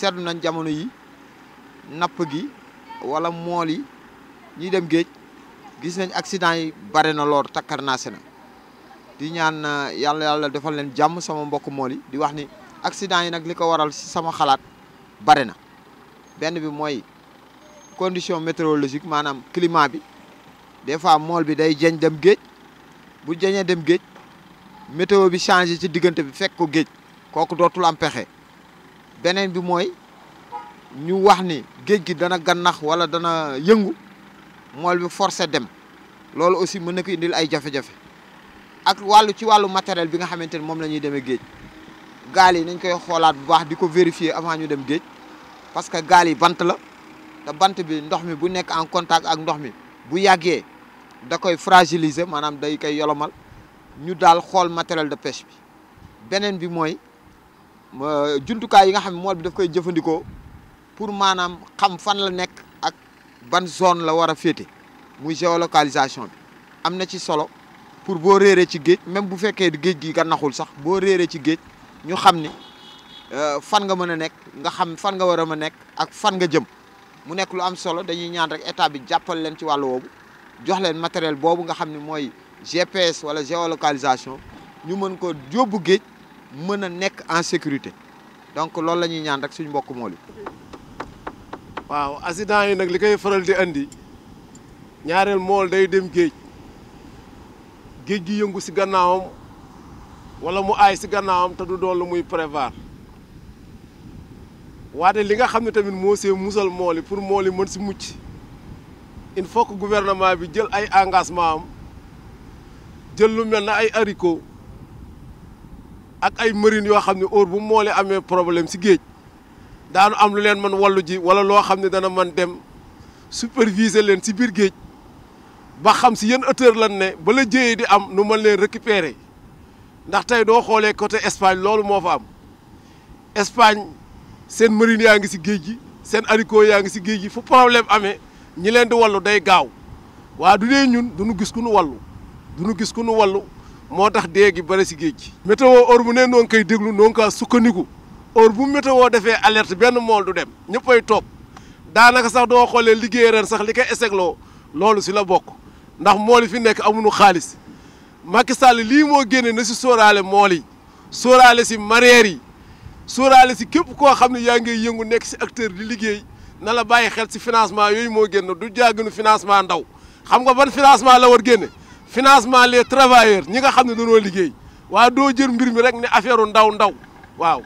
seetlu nañ jamono yi nap gi wala mool yi ñuy dem geej gis nañ accident yi bare na lor takkarnaase na di ñaan uh, yalla yalla defal leen jàmm sama mbokk mool di wax ni accident yi nak liko waral si sama xalaat bare na benn bi mooy condition météorologique manam climat bi des fois mool bi day jeñ dem geej bu jeñee dem geej météo bi changer ci digënté bi fekk ko geej koku dootul am pexé beneen bi mooy ñu wax ni géej gi dana gannax wala dana yëngu mool bi force dem loolu aussi mën na ko indil ay jafe-jafe ak wàllu ci wàllu matériel bi nga xamante ni moom la ñuy demee géej gaal yi nañ koy xoolaat bu baax di ko vérifier avant ñu dem géej parce que gaal yi bant la te bant bi ndox mi bu nekk en contact ak ndox mi bu yàggee da koy fragiliser maanaam day koy yolomal ñu daal xool matériel de pêche bi beneen bi mooy juntukaay yi nga xam ne mool bi daf koy jëfandikoo pour maanaam xam fan la nekk ak ban zone la war a féete muy géolocalisation bi am na ci solo pour boo réeree ci géej même bu fekkee géej gi nga naxul sax boo réeree ci géej ñu xam ni euh, fan nga mën a nekk nga xam fan nga war a ma nekk ak fan nga jëm mu nekk lu am solo dañuy ñaan rek état bi jàppal leen ci wàllu woowu jox leen matériel boobu nga xam ni mooy GPS wala géolocalisation ñu mën ko yóbbu géej mëna nek en sécurité donc loolu lañuy ñaan rek suñu mbokk moolu waaw accident yi nag li koy faral di andi ñaareel mool day dem géej géej gi yëngu si gannaawam wala mu aay si gannaawam te du doon lu muy prévoir waate li nga xam ne tamit moo see musal mool yi pour mool yi mën si mucc il faut que gouvernement bi jël ay engagement am jël lu mel ne ay haricots ak ay marine yoo xam ne heure bu moolee amee problème si géej daanu am lu leen man wallu ji wala loo xam ne dana man dem superviser leen si biir géej ba xam si yan hauteur lan ne bala jéyee di am nu mën leen récupérer ndax tey doo xoolee côté Espagne loolu moo fa am Espagne seen marine yaa ngi si géej gi seen haricot yaa ngi si géej gi fu problème amee ñi leen di wallu day gaaw waa du dee ñun duñu gis ku nu wallu duñu gis ku nu wallu moo tax dee gi bëri si géej gi. météo heure bu ne noo ngi koy déglu noo ngi kaa sukkandiku heure bu météo defee alerte benn mool du dem ñëppay toog daanaka sax doo xoolee liggéey ren sax li koy esegloo loolu si la bokk ndax mool yi fi nekk amuñu xaalis Macky Sall lii moo génne na si sóoraale mool yi sóoraale si mareyeur yi sóoraale si képp koo xam ne yaa ngi yëngu nekk si acteur di liggéey na la bàyyi xel si financement yooyu moo génn du jaaginu financement ndaw xam nga ban financement la war génne. financement les travailleurs ñi nga xam ne dañoo liggéey waa doo jël mbir mi rek ne affaire ndaw ndaw waaw